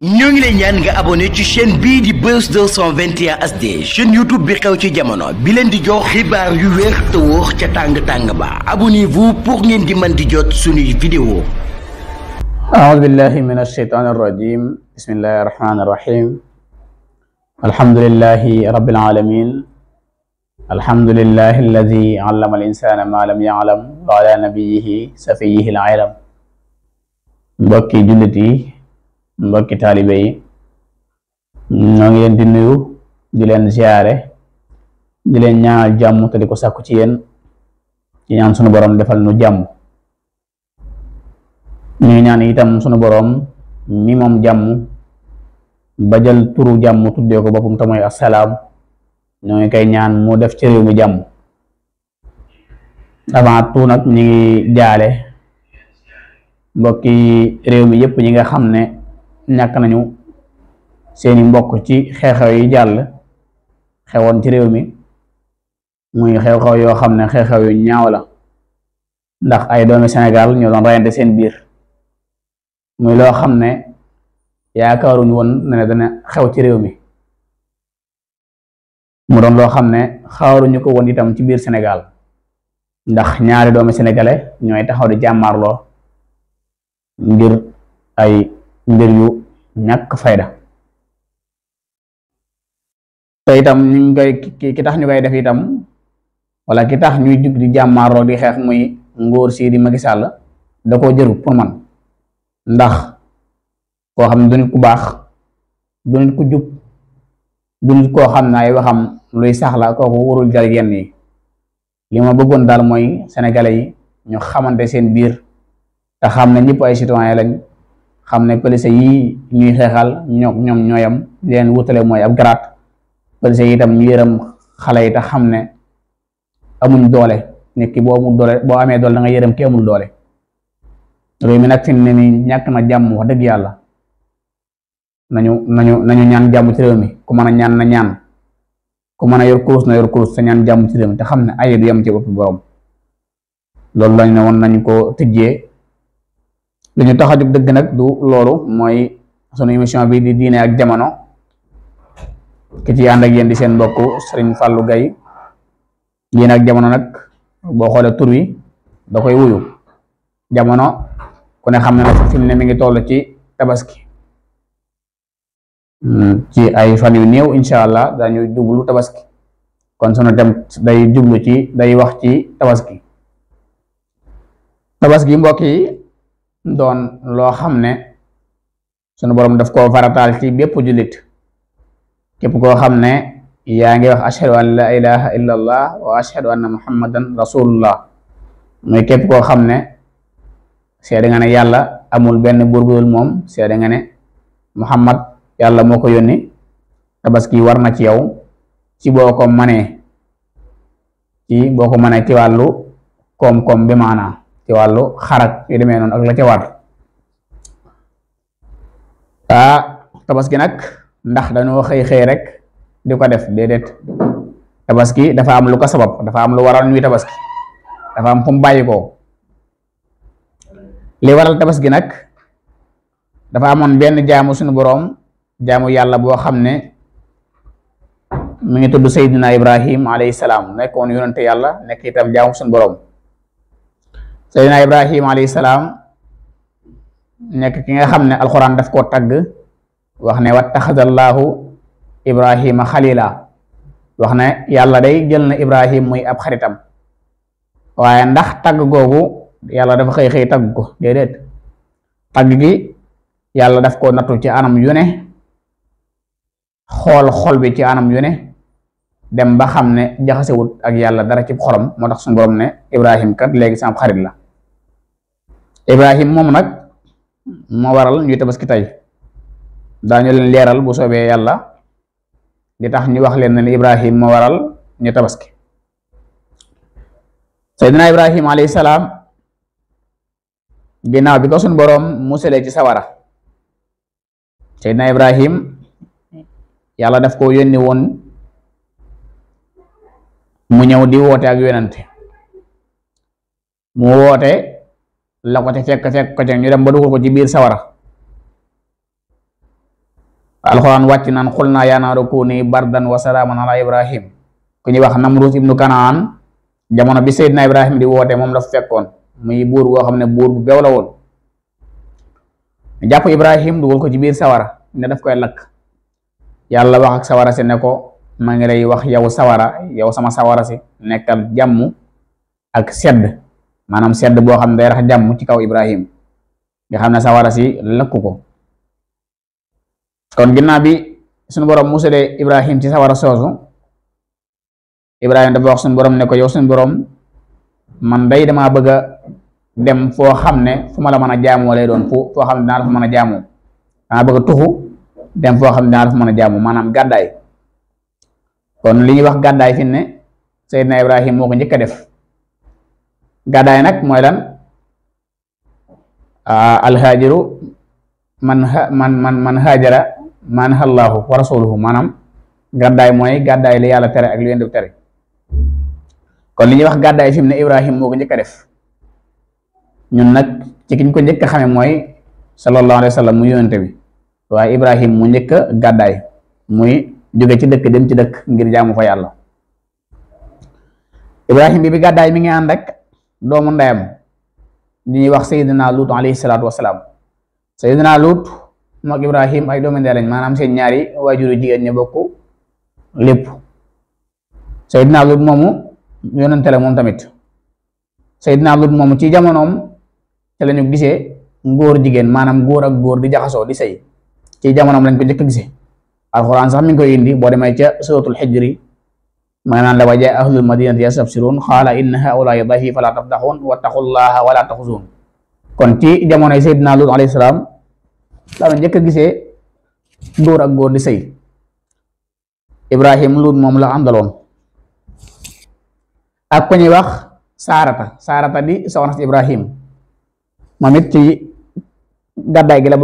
ñoo ngi lay ñaan nga abonné ci chaîne bii di Buzz 221 HD YouTube bi xew ci jamono bi leen di jox xibaar yu wér te wóor ca tàng-tàng ba abonnez-vous pour ngeen di mën di jot suñuy vidéo aoudu billahi min alsheytaan arrajim bismillahi arrahmani arrahim alhamdulillahi rabbil alamin alhamdulillahi alladi allama al insana ma lam ya'lam wa ala nabiyihi safiyihi al alam mbokki jullit yi mbokki talibé yi no ngi len di nuyu di len ziaré di len ñaanal jamm te diko sakku ci yeen ci ñaan suñu borom defal nu jamm ñuy ñaan itam suñu borom mi moom jàmm bajal turu jamu tuddé ko bopum te mooy asalaam ñoo ngi kay ñaan mu def ci rew mi jamm dama tu nak ñi jaalé mbokki rew mi yépp ñi nga xamné ñàkk nañu seeni mbokk ci xew-xew yi jàll xewoon ci réew mi muy xew-xew yoo xam ne xew-xew yu ñaaw la ndax ay doomi Sénégal ñoo doon rayante seen biir muy loo xam ne yaakaaruñ woon ne xew ci réew mi mu doon loo xam ne xaaruñu ko woon itam ci biir Sénégal ndax ñaari doomi sénégalais ñooy taxaw di jàmmaarloo ngir ay mbir yu ñak fayda te itam ñu ngay ki tax ñu def itam wala ki tax ñuy dug di jamaro di xex muy ngor sidi di Sall da ko jëru pour man ndax ko xam duñ ku bax duñ ku jup duñ ko xam na ay waxam luy saxla kooku warul jar yenn yi lima bëggoon daal sénégalais yi ñu xamanté seen biir ta xam ay citoyen lañ xam ne police yi ñuy xeexal ñoo ñoom ñooyam leen wutale mooy ab garaat police yi itam ñu yërëm xale yi ta xam ne amuñ doole nit ki boo boo amee doole da nga yërëm doole réew mi nag fi ne ñàkk na jàmm wax dëgg yàlla nañu nañu nañu ñaan jàmm ci mi ku mën na ñaan ku mën na yor kurus te ñaan jàmm ci mi te xam ne aye du yem ci bopp ko tëjjee li ñu a jóg dëgg nag du loolu mooy sunu émission bi di diine ak jamono ki ci ànd ak yéen di seen mbokk Serigne Fallou Gaye diine ak jamono nag boo xoolee tur wi da koy wuyu jamono ku ne xam ne nag fi ne mi ngi toll ci tabaski hmm, ci ay fan yu néew incha allah dañuy jublu tabaski kon sunu dem day jublu ci day wax ci tabaski tabaski mbokk doon loo xam ne sunu borom daf koo farataal ci bépp jullit képp koo xam ne yaa ngi wax ashhadu an la ilaha illa allah wa ashhadu anna muhammadan rasulullah mooy képp koo xam ne seede nga ne yàlla amul benn buur moom seede nga ne muhammad yàlla moo ko yónni tabaski war na ci yow ci boo ko manee ci boo ko manee ci wàllu koom-koom bi ci walu xarak yi demé non ak la ci war ta tabaski nak ndax dañu xey xey rek diko def dedet tabaski dafa am lu ko sabab dafa am lu waral ñuy tabaski dafa am fu bayiko li waral tabaski nak dafa amoon ben jaamu suñu borom jaamu yalla bo xamne mi ngi tuddu sayyidina Ibrahim alayhi salam, nekkoon yonante yalla nekk itam jaamu suñu borom Seydina Ibrahima alayhi salaam nekk ki nga xam ne alxuraan daf koo tagg wax ne wattaxadallaahu Ibrahima xalila wax ne yàlla day jël na Ibrahim muy ab xaritam waaye ndax tagg googu yàlla dafa xëy xëy tagg ko déedéet tagg gi yàlla def koo nattu ci anam yu ne xool xol bi ci anam yu ne dem ba xam ne jaxasewut ak yàlla dara cib xolam moo tax suñu borom ne Ibrahim kat léegi sama xarit la. ibrahim moom nag moo waral ñu tabaski tey daañu leen leeral bu soobee yàlla di tax ñu wax leen ne ibrahim moo waral ñu tabaski seydina ibrahim alayhi salaam ginnaaw bi ko suñ boroom musalee ci sawara seydina ibrahim yàlla def ko yónni woon mu ñëw di woote ak yonante mu woote la ko ca fekk fekk ko ca ba dugal ko ci biir sawara alxuraan wàcc naan xul naa yaa naaru kuuni bardan wa salaaman ala ibrahim ku ñuy wax Namruus ibnu Kanaan jamono bi Seydina Ibrahim di woote moom la fekkoon muy buur boo xam ne buur bu beew la woon jàpp Ibrahim dugal ko ci biir sawara ne daf koy lakk yàlla wax ak sawara si ne ko maa ngi lay wax yow sawara yow sama sawara si nekkal jàmm ak sedd manam sedd bo xam day rax jàmm ci kaw Ibrahim nga ya xam sa sawara si lëkku ko kon ginna bi sunu borom Ibrahim ci wara sozu Ibrahim da wax suñu borom ne ko yow sunu borom man day dama bëgg dem fo xamne fuma la mëna a jaamoo lay doon fu fo xamne ne fa mëna bëgg tuxu dem fo xamne ne fa mëna manam gaday kon liñ wax gaday fi ne Ibrahim moko ñëk def gadaay nak moy lan ah, hajiru man man man man hajara man allah wa rasuluhu manam gadaay moy gadaay li yalla tere ak li yéen tere kon li wax gadaay Ibrahim moo ko def ñun nak ci kiñ ko ñëk xamé moy sallallahu alaihi wa mu yoonte bi wa Ibrahim mu ñëk gadaay muy joge ci dëkk dem ci dëkk ngir jaamu fa yalla Ibrahim bi bi gadaay mi ngi andak doomu ndeyam di ñuy wax Seydina Lut alayhi salaatu wasalaam Seydina Lut mook Ibrahim ay doomu ndey lañ maanaam seen ñaari waajuru jigéen ñi bokk lépp Seydina Lut moomu yonente la moom tamit Seydina Lut moomu ci jamonoom te la ñu gisee góor jigéen maanaam góor ak góor di jaxasoo di sëy ci jamonoom lañ ko njëkk a gisee alxuraan sax mi koy indi boo demee ca suratul xijri mana la wajah ahlul madinah yasabsirun khala inna haula yadahi fala tafdahun wa taqullaha wa la tahzun kon ci jamono sayyidina lut alayhi salam la ñëk gisee góor ak góor di ibrahim lut moom la àndaloon ak ku saarata saarata di soxna ibrahim mamit ti ci gàddaay gi la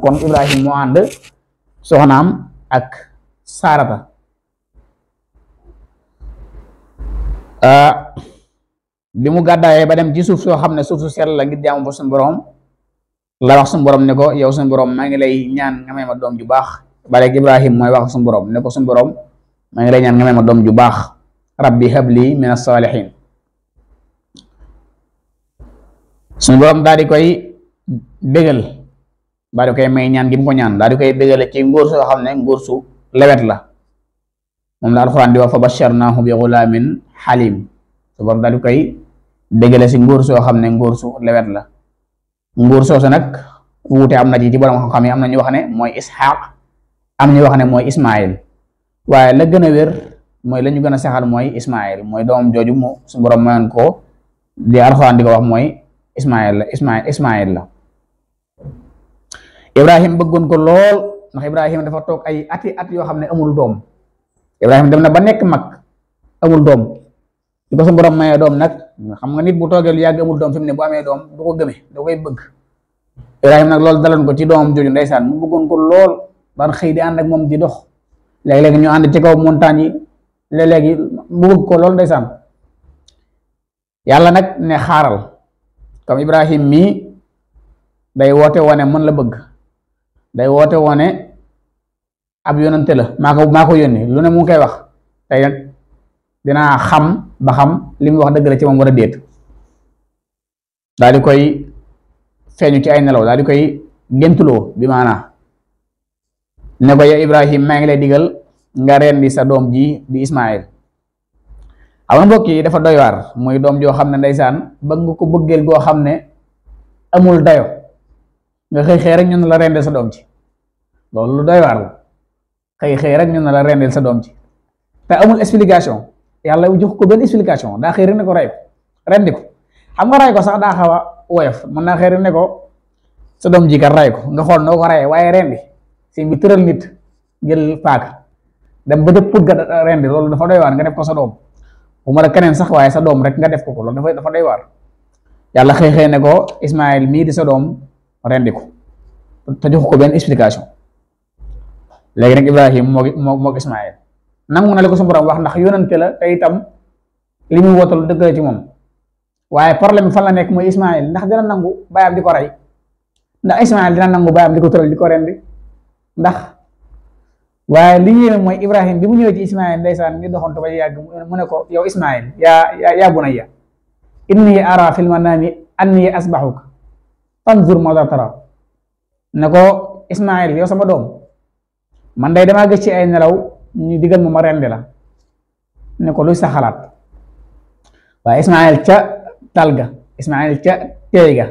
kon ibrahim mo ànd ak saarata Euh, bi mu gàddaayee ba dem ci suuf soo xam ne suuf su sell la ngir jaamu fa suñu borom la wax suñu borom ne ko yow suñu borom maa ngi lay ñaan nga may ma doom ju baax barek Ibrahim mooy wax suñu borom ne ko suñu borom maa ngi lay ñaan ma doom ju baax rabbi habli min as-salihin suñu borom daal di koy bégal daal di koy may ñaan gi ko ñaan daal di koy bégale ci nguur soo xam ne nguur su lewet la moom la alxuraan di wax fa basharnaahu bi gulaamin xalim su borom daal di koy si nguur soo xam ne nguur su lewet la nguur soosu nag wute am na ci ci borom xam-xam yi am na ñu wax ne mooy Ishaq am ñu wax ne mooy Ismail waaye la gën a wér mooy la ñu gën a saxal mooy Ismail mooy doom jooju mu su borom mayoon ko di alxuraan di wax mooy Ismail la Ismail Ismail la Ibrahim bëggoon ko lool ndax Ibrahim dafa toog ay ati at yoo xam ne amul doom Ibrahim dem na ba nekk mag amul doom. ci bassam borom nak, dom nak xam nga nit bu toogee yag amul dom fimne bu amé dom du ko gëmé da koy bëgg ibrahim nak lool dalan ko ci dom joju ndaysan mu bëggon ko lool ban xey di and ak mom di dox léeg-léeg ñu and ci kaw montagne yi léeg-léegi mu bëgg ko lool ndaysan yalla nak ne xaaral comme Ibrahim mi day wote wone mën la bëgg day wote wone ab yonenté la mako ko ma ko lu ne mu ngi koy wax tay nak dinaa xam ba xam li muy wax dëgg la ci moom war a déet daal di koy feeñu ci ay nelaw daal di koy géntuloo bi maanaa ne ko ya Ibrahim maa ngi lay digal nga rendi sa doom ji di Ismaïl aw mbokk yi dafa doy waar doom joo xam ne ndeysaan bëgg nga ko bëggeel goo xam ne amul dayo nga xëy xëy rek ñu ne la rendeel sa doom ji loolu lu doy waar la xëy xëy rek ñu ne la rendeel sa doom ji te amul explication yalla jox ko ben explication da xere ne ko ray rendi ko xam nga ray ko sax da xawa a woyof mën naa ne ko sa dom ji kat ko nga xol noo ko reyee rendi si mi teural nit gel paaka dem ba dëpp pour rendi lolou dafa doy war nga def ko sa dom bu ma kenen sax waye sa dom rek nga def ko ko loolu dafa dafa doy war yalla xëy ne ko Ismaël mi di sa dom rendi ko ta jox ko ben explication léegi nak Ibrahim mo mo Ismaël. nangu na li ko suñu borom wax ndax yonante la te itam li muy wootal dëgg la ci moom waaye problème fan la nekk mooy Ismaayil ndax dina nangu baayam di ko rey ndax Ismaayil dina nangu baayam di ko tëral di ko rendi ndax waaye li yéeme mooy Ibrahim bi mu ñëwee ci Ismaayil ndeysaan ñu doxantu ba yàgg mu ne ko yow Ismaayil yaa yaa bunayya inni ara fil manaami anni asbaxuka fanzur maza tara ne ko Ismaayil sama doom man day damaa gis ay nelaw ñu digal ma ma rendi la ne ko luy sa xalaat waaye Ismaayil ca ga Ismaayil ca teey ga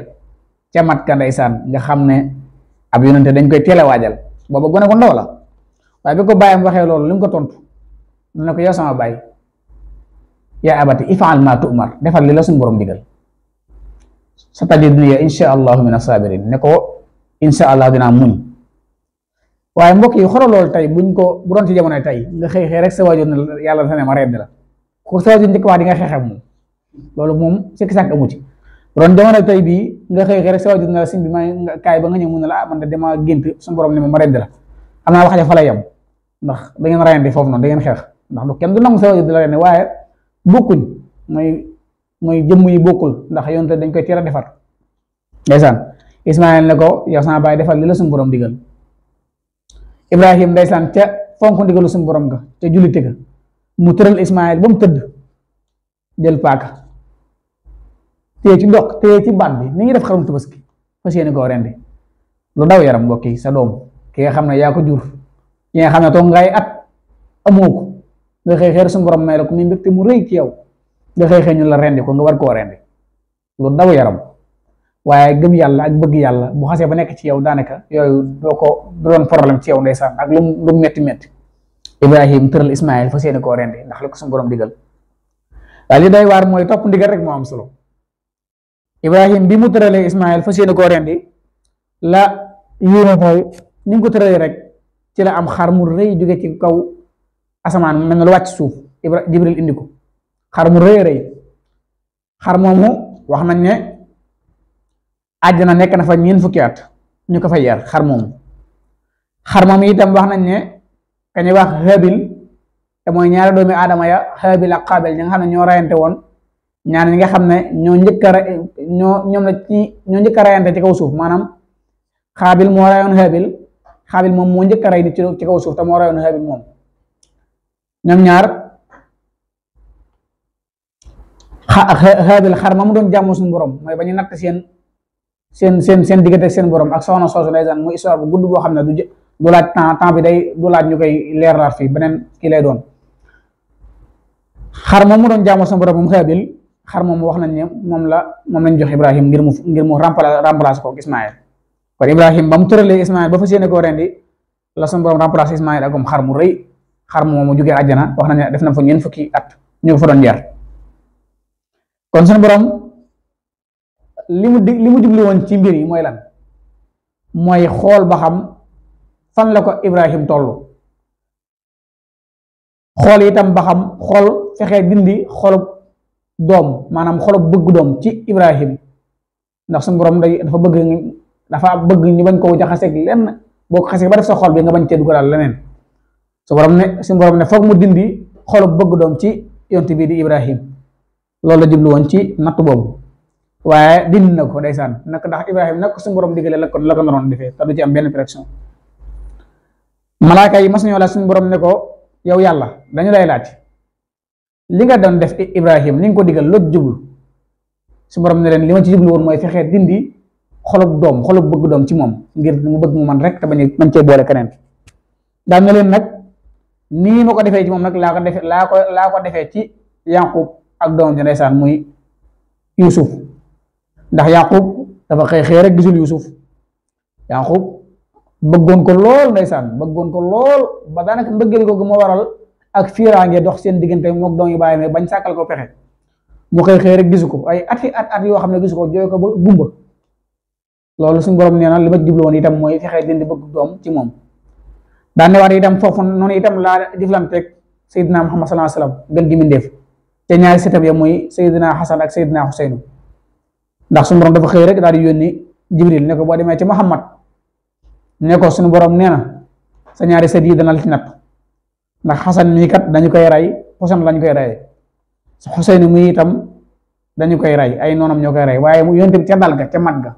ca mat ka ndeysaan nga xam ne ab yonente dañ koy teel waajal booba gone ko ndaw la waaye bi ko bàyyam waxee loolu li mu ko tontu ne ko yow sama baay yaa abati ifaal maa tu'mar defal li la suñu borom digal satajiduni insha allahu mina saabiriin ne ko insha allah dinaa muñ waaye mbokk yi xoolal loolu tey buñ ko bu doon ci jamonoy tey nga xëy xëy rek sa waajur ne yàlla dafa ne ma redd la ko sa waajur njëkk nga xeex ak loolu moom sikki sàkk amu ci bu doon tey bii nga xëy sa waajur ne la sëñ bi may kaay ba nga ñëw mu ne la ah man de dama gént suñu borom ne ma ma redd la am naa wax ja fa lay yam ndax da ngeen rayante foofu noonu da ngeen xeex ndax du kenn du nangu sa waajur di la rend waaye bokkuñ mooy mooy jëmm yi bokkul ndax yoonte dañ koy teel defar defar ndeysaan Ismaayil ne ko yow sama baay defal li la suñu borom digal Ibrahim ndaysan ca fonk ndigalu sun borom ga ca julite ga mu teural Ismaayil ba mu tëdd jël paaka téye ci ndox téye ci baat bi ni ngi def xarum tabaski fas yéene rendi lu daw yaram mbokk yi sa doom ki nga xam ne ko jur ki nga xam ne toog ngay at amoo ko nga xëy xeer sun borom may la ko mi mbégte mu rëy ci yow nga xëy xëy ñu la rendi ko nga war koo rendi lu daw yaram waaye gëm yàlla ak bëgg yàlla bu xasee ba nekk ci yow daanaka yooyu doo ko du doon problème ci yow ndeysaan ak lu lu metti metti Ibrahim tëral Ismaël fa seeni koo rendi ndax ko suñu borom digal waaye li doy waar mooy topp ndigal rek moo am solo bi mu tëralee Ismaël fa seeni koo la yéene mooy ni nga ko tëralee rek ci la am xar mu rëy jóge ci kaw asamaan mel na lu wàcc suuf Ibra Jibril indi ko xar mu rëy rëy xar moomu wax nañ ne na nekk na fa ñeent fukki at ñu ko fa yar xar moomu xar moomu itam wax nañ ne kañu wax xaabil te mooy ñaari doomi aadama ya xaabil ak xaabil ñi nga xam ne ñoo rayante woon ñaar ñi nga xam ne ñoo njëkk a ñoo ñoom la rayante ci kaw suuf maanaam xaabil moo rayoon moom moo njëkk a ray nit ci kaw suuf te moo rayoon xaabil moom ñoom ñaar xaabil xar ma mu doon jaamu suñu borom mooy ba natt seen. sen sen sen digënté sen borom ak soxna soosu ndeysaan mu histoire bu gudd bo xam du du laaj temps temps bi day du laaj ñukay koy leerlaat fii beneen lay doon xar moom mu doon jaamu sama borom mu xébil xar mu wax nañ ne mom la mom lañ jox Ibrahim ngir mu ngir mu remplacer ko Ismaël kon Ibrahim bam mu tëralee Ismaël ba fas yéene koo rendi la sama borom remplacer Ismaël akum xar mu reuy xar mu jugee aljana wax nañ ne def na fa ñeent fukki at ñu fa doon yar kon sen borom. li mu dig li mu jubli woon ci mbir yi mooy lan mooy xool ba xam fan la ko Ibrahim toll xool itam ba xam xool fexe dindi xolub doom maanaam xolub bëgg doom ci Ibrahim ndax suñu borom day dafa bëgg dafa bëgg ñu bañ koo jaxaseeg lenn boo ko xasee ba def sa xol bi nga bañ cee dugalal leneen su borom ne suñu borom ne foog mu dindi xolub bëgg doom ci yont bii di Ibrahim loolu la jublu woon ci natt boobu waye din na ko ndeysaan nak ndax ibrahim nak suñu borom digale la ko la ko non defé ta du ci am ben pression malaika yi mas wala laaj suñu borom ne ko yow yalla dañu lay laaj li nga don def ibrahim ni nga ko digal lo djublu su borom ne len lima ci djublu won moy fexé dindi xolub dom xolub bëgg dom ci mom ngir mu bëgg mu man rek ta bañ man ci boole kenen da na len nak ni ma ko ci mom nak la ko defé la ko la ko defé ci Yaqub ak dom ji muy yusuf ndax yaqub dafa xëy xëy rek gisul yusuf yaqub bëggoon ko lool ndeysaan bëggoon ko lool ba daanaka mbëggeel googu moo waral ak fiiraange dox seen diggante mook doom yi bàyyi mais bañ sàkkal ko pexe mu xëy xëy ko ay ati at at yoo xam ne gisu ko jooy ko ba gumba loolu suñu nee na li ma jubluwoon itam mooy fexe dindi bëgg doom ci moom daan ne waat itam foofu noonu itam laa jëflanteeg Seydina Muhammad sallallahu alayhi wa sallam gën gi mindeef te ñaari sëtam ya mooy Seydina Xasan ak Seydina Xuseynu ndax suñu borom dafa xëy rek daal di yónni jibril ne ko boo demee ci Muhammad ne ko suñu borom nee na sa ñaari sët yi dana la ci natt ndax xasan mii kat dañu koy rey xusan lañu koy rey su xuseen muy itam dañu koy rey ay noonam ñoo koy rey waaye mu yónni ca dal ga ca mat ga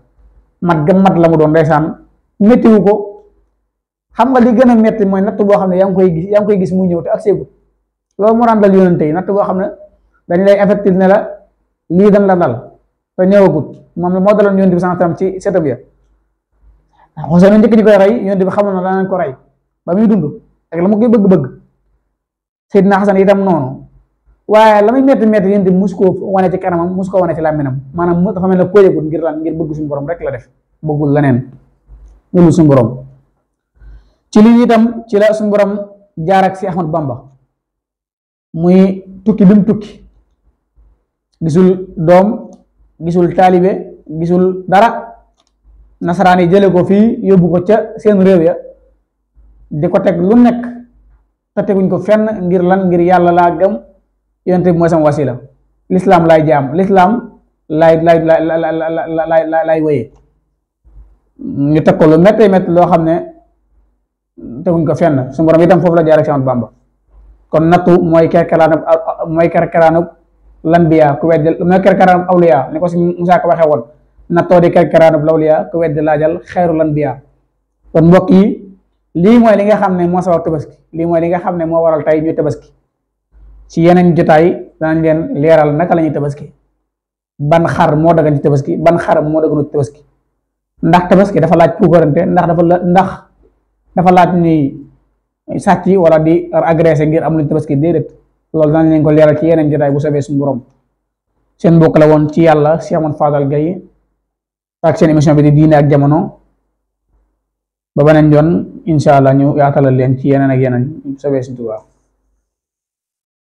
mat ga mat la mu doon saan méttiwu ko xam nga li gën a métti mooy natt boo xam ne yaa ngi koy gis yaa ngi koy gis muy ñëw te ak seegul loolu moo daan dal yónante yi natt boo xam ne dañ lay affecté ne la lii dañ la dal te ñëwagut moom la moo daloon yonent bi ci setam ya xoseen na njëkk ñi koy ray yonent bi xamoon na nañ ko ray ba muy dund ak la mu koy bëgg-bëgg Seydina hasan itam non waye lamay metti metti yonent bi musko wone ci kanamam musko wone ci laminam manam maanaam dafa melni ko yëgut ngir lan ngir bëgg suñu borom rek la def bëggul leneen loolu suñu borom ci li itam ci la suñu borom jaar ak si Ahmad Bamba muy tukki bi tukki gisul dom gisul taalibe gisul dara nasaraan yi jële ko fii yóbbu ko ca seen réew ya di ko teg lu nekk te teguñ ko fenn ngir lan ngir yàlla laa gëm yonte bi mooy lislaam laay jaam lislaam laay laay laay laay laay laay wéyee ñu teg ko lu méttee métti loo xam ne teguñ ko fenn su borom itam foofu la jaar ak Bamba kon nattu mooy kerkeraanub mooy kerkeraanub lambiya ku wedd na kerkaraanub awliya ne ko si ko waxe won na todi di kerkaraanub lawliya ku wedd laajal khairu lambiya kon mbok yi li moy li nga xamne mo moo tabaski li moy li nga xamne mo waral tay ñu tabaski ci yenen jotaay dañ leen leral naka lañu tabaski ban xar mo dagan ci tabaski ban xar moo daganut tabaski ndax tabaski dafa laaj gorante ndax dafa ndax dafa laaj ni sàcc wala di agresser ngir am luñ tabaski déedéet loolu daan leen ko leeral ci yeneen jotaay bu soobee suñu borom seen mbokk la woon ci yàlla si amoon Fadal Gaye ak seen émission bi di diine ak jamono ba beneen yoon incha allah ñu yaatalal leen ci yeneen ak yeneen bu soobee suñu